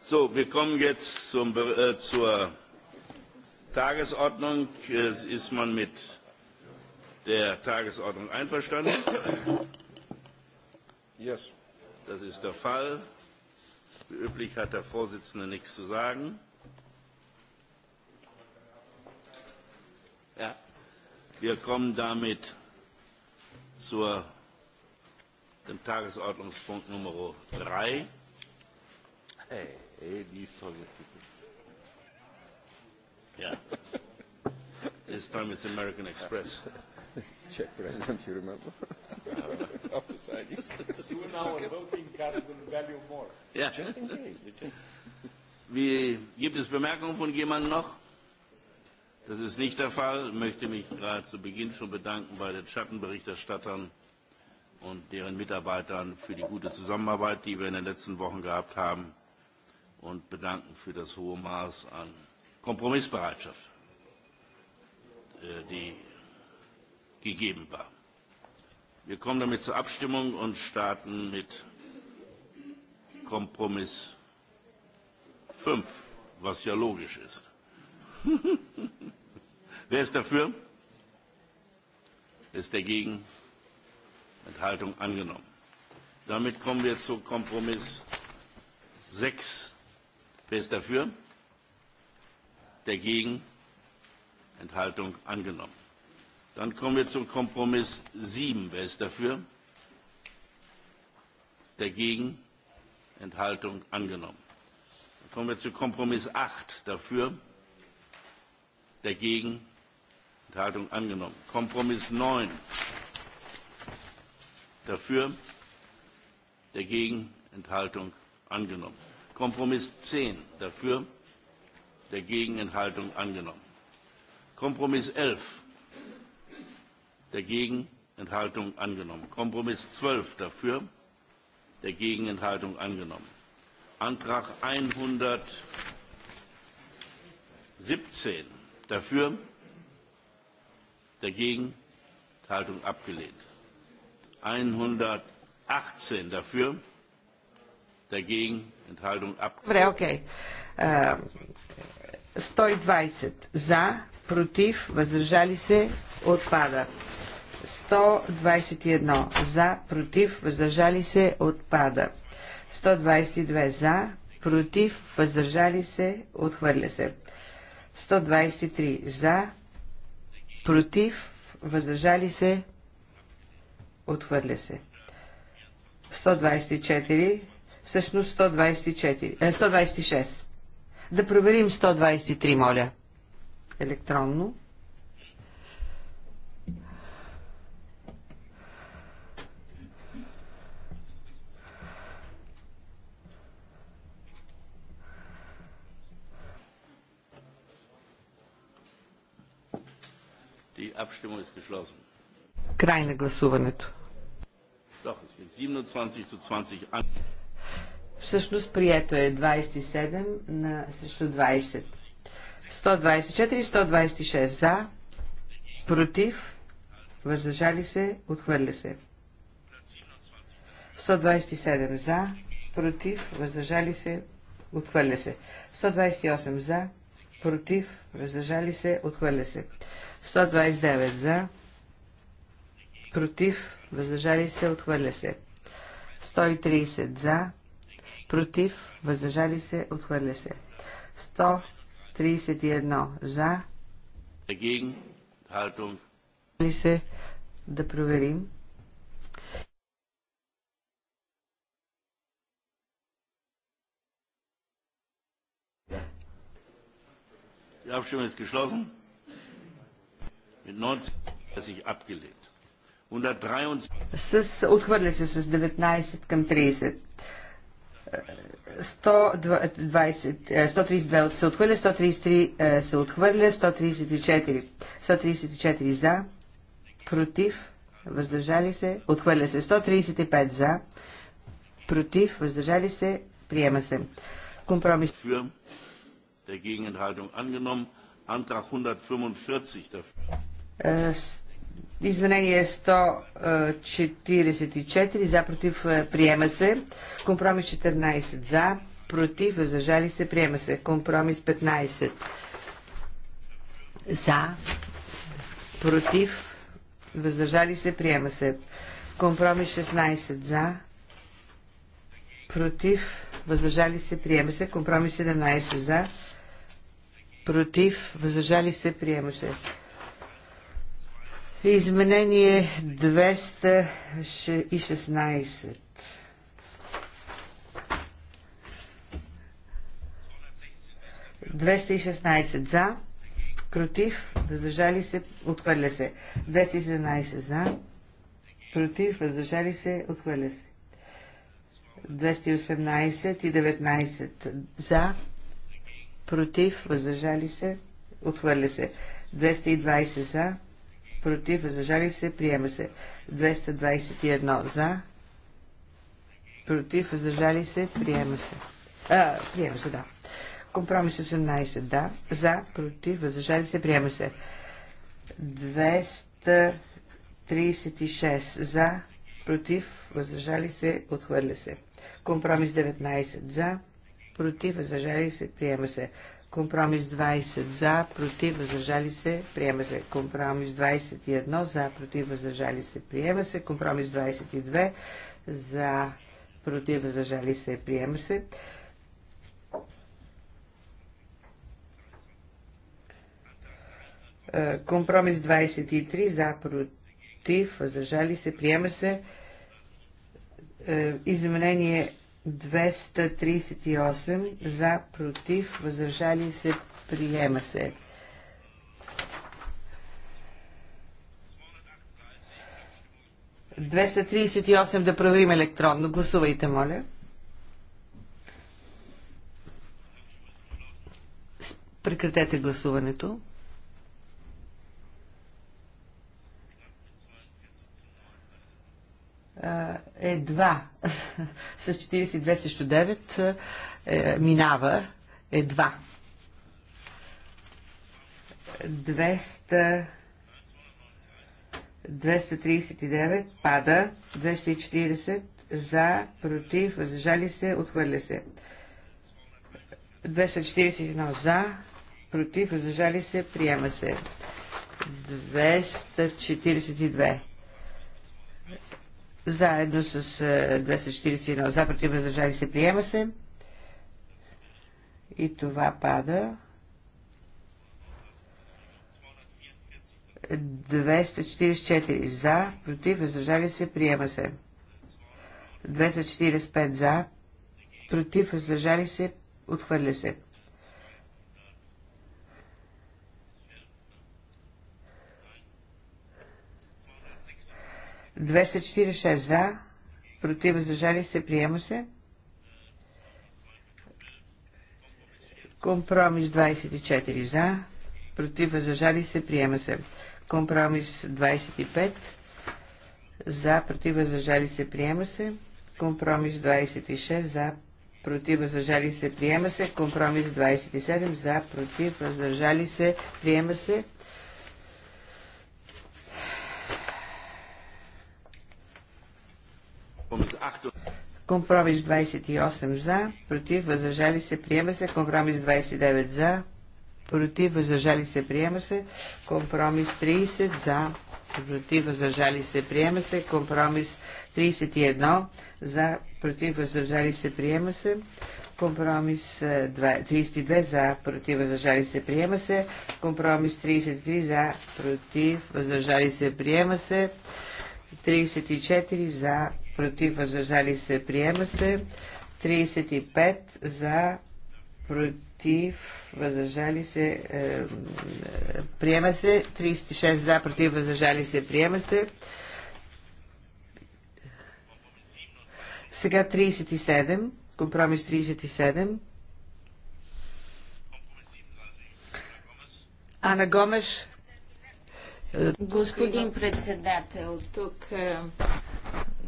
So, wir kommen jetzt zum, äh, zur Tagesordnung. Ist man mit der Tagesordnung einverstanden? Yes. Das ist der Fall. Wie üblich hat der Vorsitzende nichts zu sagen. Ja. Wir kommen damit zu dem Tagesordnungspunkt Nummer 3. Eh, e di Yeah. This time it's American Express. Czech president, you remember? After signing. Soon our voting card will value more. Yeah. Just in case. Wie, gibt es Bemerkungen von jemandem noch? Das ist nicht der Fall. Ich möchte mich gerade zu Beginn schon bedanken bei den Schattenberichterstattern und deren Mitarbeitern für die gute Zusammenarbeit, die wir in den letzten Wochen gehabt haben und bedanken für das hohe Maß an Kompromissbereitschaft, die gegeben war. Wir kommen damit zur Abstimmung und starten mit Kompromiss 5, was ja logisch ist. Wer ist dafür? Wer ist dagegen? Enthaltung angenommen. Damit kommen wir zu Kompromiss 6 Wer ist dafür? Dagegen? Enthaltung angenommen. Dann kommen wir zum Kompromiss 7. Wer ist dafür? Dagegen? Enthaltung angenommen. Dann kommen wir zu Kompromiss 8. Dafür? Dagegen? Enthaltung angenommen. Kompromiss 9. Dafür? Dagegen? Enthaltung angenommen. Kompromiss 10 dafür, dagegen Enthaltung angenommen. Kompromiss 11 dagegen Enthaltung angenommen. Kompromiss 12 dafür, dagegen Enthaltung angenommen. Antrag 117 dafür, dagegen Enthaltung abgelehnt. 118 dafür, dagegen Добре, окей. Okay. 120 за, против, въздържали се, отпада. 121 за, против, въздържали се, отпада. 122 за, против, въздържали се, отхвърля се. 123 за, против, въздържали се, отхвърля се. 124 всъщност 124, 126. Е, да проверим 123, моля. Електронно. Край на гласуването. 27 Всъщност прието е 27 на, срещу 20. 124 и 126 за, против, въздържали се, отхвърля се. 127 за, против, въздържали се, отхвърля се. 128 за, против, въздържали се, отхвърля се. 129 за, против, въздържали се, отхвърля се. 130 за, против, въздържали се, отхвърля се. 131 за, ли се да проверим. Die Abstimmung ist geschlossen. Mit abgelehnt. 123. С, отхвърля се с 19 към 30. 132 се отхвърля, 133 е, се отхвърля, 134, 134 за, против, въздържали се, отхвърля се, 135 за, против, въздържали се, приема се. Компромис. Dagegen angenommen. Antrag 145 dafür. Е, Изменение 144 за против е, приема се. Компромис 14 за против въздържали се приема се. Компромис 15 за против въздържали се приема се. Компромис 16 за против въздържали се приема се. Компромис 17 за против въздържали се приема се. Изменение 216. 216 за, против, въздържали се, отхвърля се. 217 за, против, въздържали се, отхвърля се. 218 и 19 за, против, въздържали се, отхвърля се. 220 за, против, въздържали се, приема се. 221 за, против, въздържали се, приема се. А, приема се, да. Компромис 18, да. За, против, въздържали се, приема се. 236 за, против, въздържали се, отхвърля се. Компромис 19 за, против, въздържали се, приема се. Компромис 20 за, против, въздържали се, приема се. Компромис 21 за, против, въздържали се, приема се. Компромис 22 за, против, въздържали се, приема се. Е, компромис 23 за, против, въздържали се, приема се. Е, изменение 238 за, против, въздържали се, приема се. Двеста да проверим електронно. Гласувайте, моля. Прекратете гласуването. едва с 42 срещу 9 е, минава едва. 200 239 пада, 240 за, против, въздържали се, отхвърля се. 241 за, против, въздържали се, приема се. 242 заедно с 241 е, за против въздържали се приема се и това пада 244 за против въздържали се приема се 245 за против въздържали се отхвърля се 246 за, против, зажали се, приема се. Компромис 24 за, против, зажали се, приема се. Компромис 25 за, против, зажали се, приема се. Компромис 26 за, против, зажали се, приема се. Компромис 27 за, против, зажали се, приема се. Компромис 28 за, против, въздържали се, приема се. Компромис 29 за, против, въздържали се, приема се. Компромис 30 за, против, въздържали се, приема се. Компромис 31 за, против, въздържали се, приема се. Компромис 32 е, за, против, въздържали се, приема се. Компромис 33 за, против, въздържали се, приема се. 34 за, против, въздържали се, приема се. 35 за, против, въздържали се, е, приема се. 36 за, против, въздържали се, приема се. Сега 37, компромис 37. Ана Гомеш. Господин председател, тук е,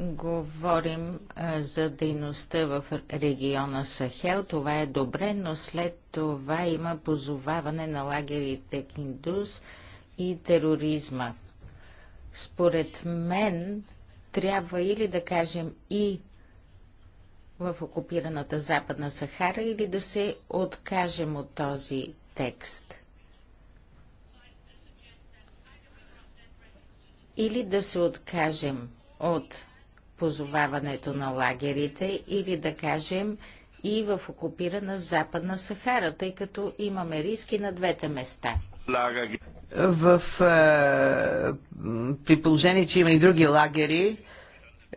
Говорим за дейността в региона Сахел. Това е добре, но след това има позоваване на лагерите Киндус и тероризма. Според мен трябва или да кажем и в окупираната Западна Сахара или да се откажем от този текст. Или да се откажем от позоваването на лагерите или да кажем и в окупирана Западна Сахара, тъй като имаме риски на двете места. В, е, при положение, че има и други лагери,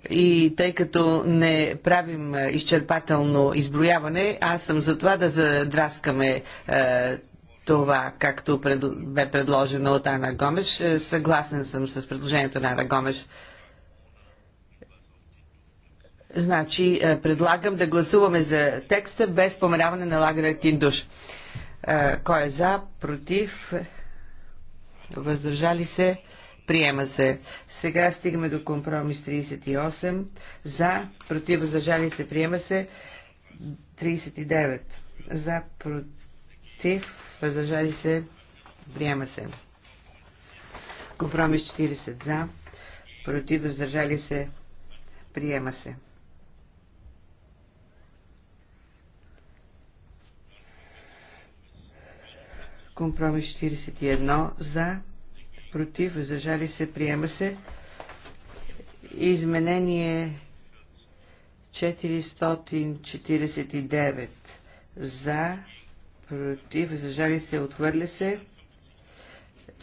и тъй като не правим изчерпателно изброяване, аз съм за това да задраскаме е, това, както пред, бе предложено от Ана Гомеш. Е, съгласен съм с предложението на Ана Гомеш Значи, е, предлагам да гласуваме за текста без споменаване на лагера Киндуш. Е, кой е за, против, въздържали се, приема се. Сега стигаме до компромис 38. За, против, въздържали се, приема се. 39. За, против, въздържали се, приема се. Компромис 40. За, против, въздържали се, приема се. Компромис 41 за, против, въздържали се, приема се. Изменение 449 за, против, въздържали се, отхвърля се.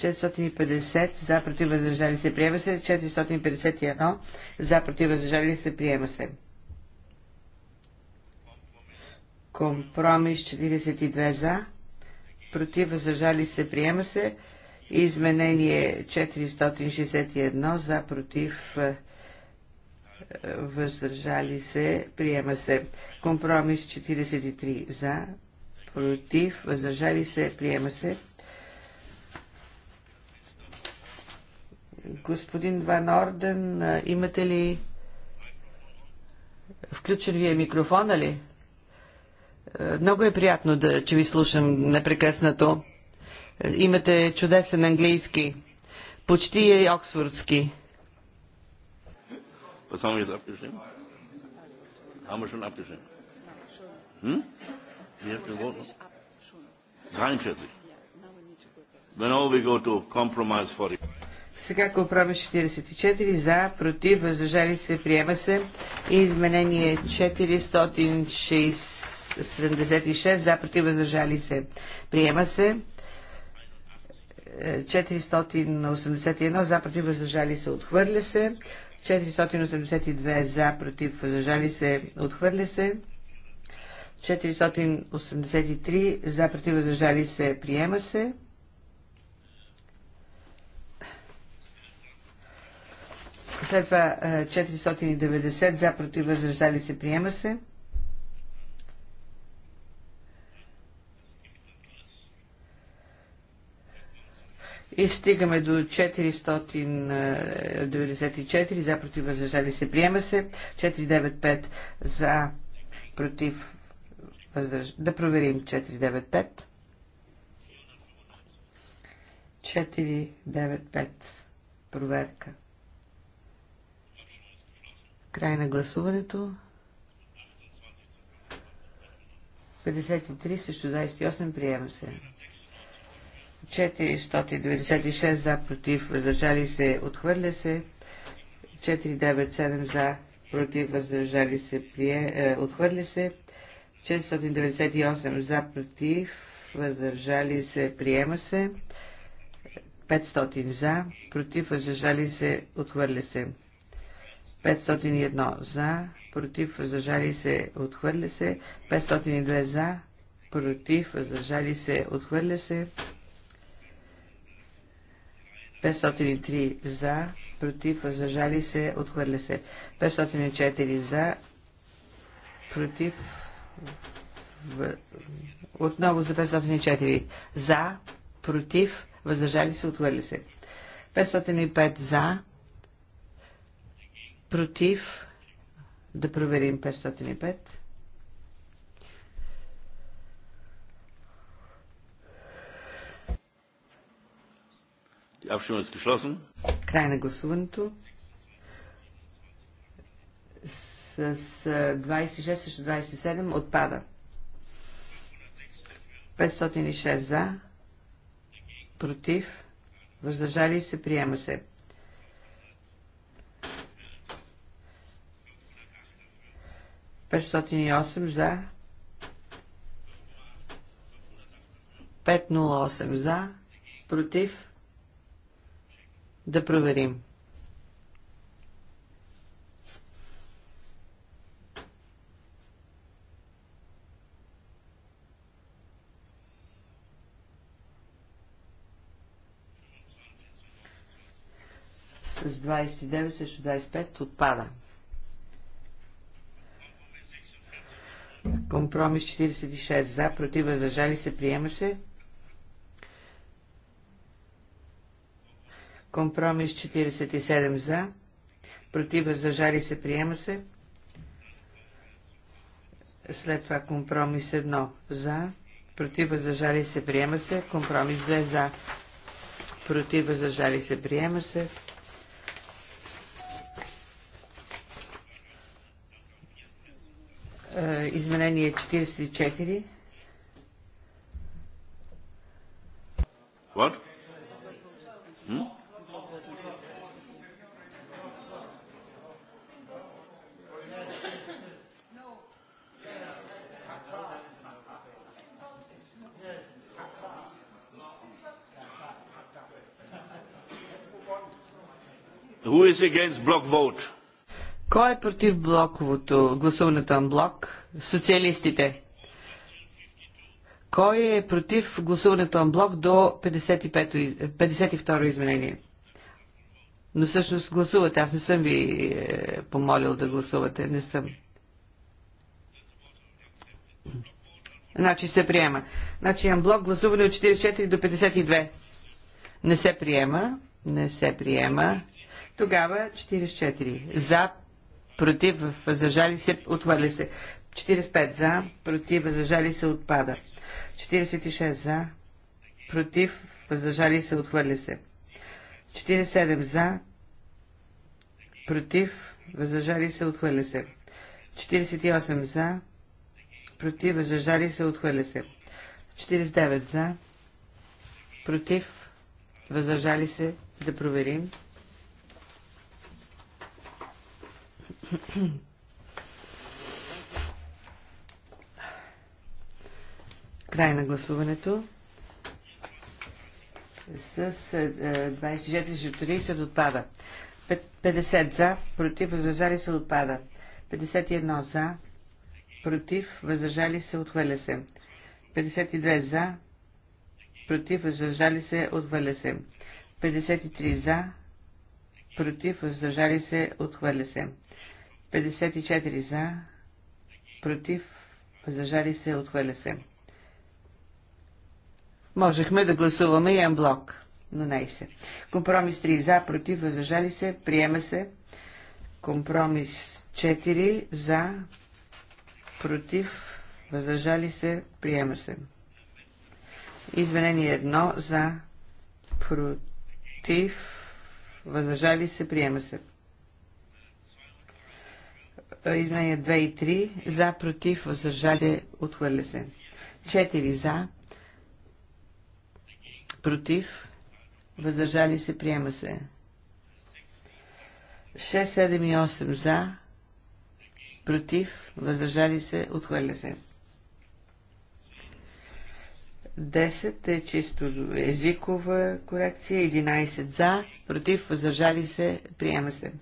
450 за, против, въздържали се, приема се. 451 за, против, въздържали се, приема се. Компромис 42 за, против, въздържали се, приема се. Изменение 461 за, против, е, въздържали се, приема се. Компромис 43 за, против, въздържали се, приема се. Господин Ван Орден, е, имате ли включен ви е микрофона ли? Е, много е приятно да, че ви слушам непрекъснато. Е, имате чудесен английски. Почти е оксфордски. Сега haben wir 44 за, против, въздържали се, приема се. И изменение 460 76 за против въздържали се. Приема се. 481 за против въздържали се. Отхвърля се. 482 за против въздържали се. Отхвърля се. 483 за против въздържали се. Приема се. 490 е, за против въздържали се. Приема се. и стигаме до 494 за против въздържали се. Приема се 495 за против въздържали. Да проверим 495. 495. Проверка. Край на гласуването. 53 срещу 28 приема се. 496 за, против, въздържали се, отхвърля се. 497 за, против, въздържали се, прие, е, отхвърля се. 498 за, против, въздържали се, приема се. 500 за, против, въздържали се, отхвърля се. 501 за, против, въздържали се, отхвърля се. 502 за, против, въздържали се, отхвърля се. 503 за, против, въздържали се, отхвърля се. 504 за, против, в... отново за 504 за, против, въздържали се, отхвърля се. 505 за, против, да проверим 505. Край на гласуването. С 26 срещу 27 отпада. 506 за, против, въздържали се, приема се. 508 за, 508 за, против, да проверим. С 29 срещу 25 отпада. Компромис 46 за, против, въздържали се, приемаше. Компромис 47 за. Против въздържали се приема се. След това компромис 1 за. Против въздържали се приема се. Компромис 2 за. Против въздържали се приема се. Е, изменение 44. What? Who is against block vote? Кой е против блоковото гласуването на блок? Социалистите. Кой е против гласуването на блок до 55, 52 изменение? Но всъщност гласувате. Аз не съм ви е, помолил да гласувате. Не съм. Значи се приема. Значи имам блок гласуване от 44 до 52. Не се приема. Не се приема. Тогава 44 за, против, възражали се, отхвърля се. 45 за, против, възражали се, отпада. 46 за, против, въздържали се, отхвърля се. 47 за, против, въздържали се, отхвърля се. 48 за, против, въздържали се, отхвърля се. 49 за, против, въздържали се, да проверим. Край на гласуването. С 24 е, се отпада. 50 за, против, въздържали се, отпада. 51 за, против, въздържали се, отхвърля се. 52 за, против, въздържали се, отхвърля се. 53 за, против, въздържали се, отхвърля се. 54 за, против, въздържали се, отхвърля се. Можехме да гласуваме и блок, но не се. Компромис 3 за, против, въздържали се, приема се. Компромис 4 за, против, въздържали се, приема се. Извинение 1 за, против, въздържали се, приема се. Изменение 2 и 3. За, против, въздържали се, отхвърля се. 4 за, против, въздържали се, приема се. 6, 7 и 8 за, против, въздържали се, отхвърля се. 10 е чисто езикова корекция, 11 за, против, въздържали се, приема се.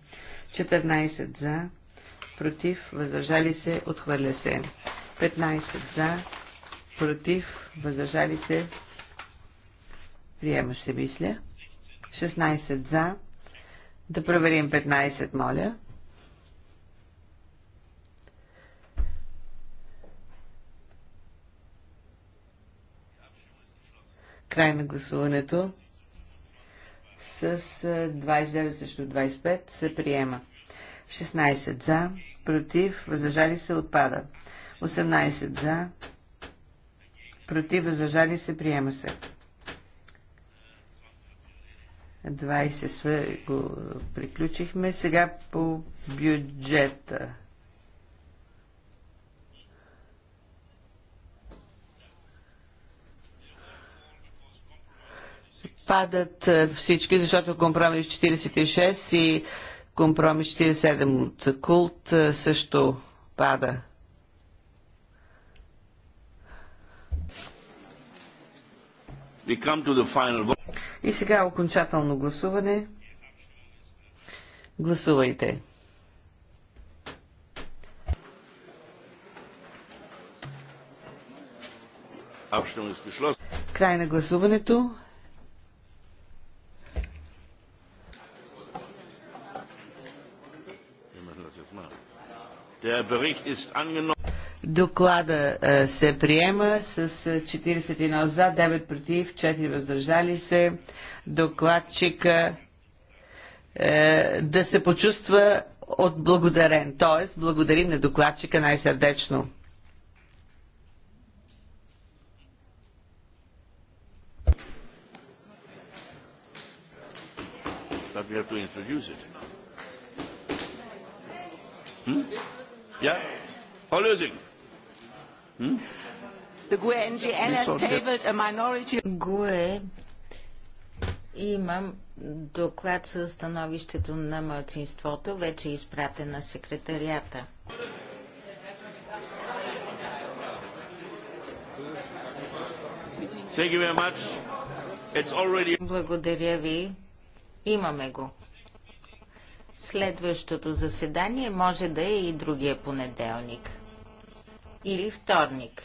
14 за, против, въздържали се, отхвърля се. 15 за, против, въздържали се, приемаш се, мисля. 16 за, да проверим 15, моля. Край на гласуването с 29 срещу 25 се приема. 16 за, против, въздържали се, отпада. 18 за, против, въздържали се, приема се. 20 све го приключихме. Сега по бюджета. Падат е, всички, защото компромис 46 и Компромис 47 от Култ е, също пада. И сега окончателно гласуване. Гласувайте. Край на гласуването. Доклада е, се приема с 41 е, за, 9 против, 4 въздържали се. Докладчика е, да се почувства от благодарен. Тоест, благодарим на докладчика най-сърдечно. But we have to introduce it. Hm? Ja? Frau Lösing. Hm? The GUE NGL has tabled a minority... GUE имам доклад със становището на младсинството, вече е изпратен на секретарията. Already... Благодаря ви. Имаме го. Следващото заседание може да е и другия понеделник или вторник.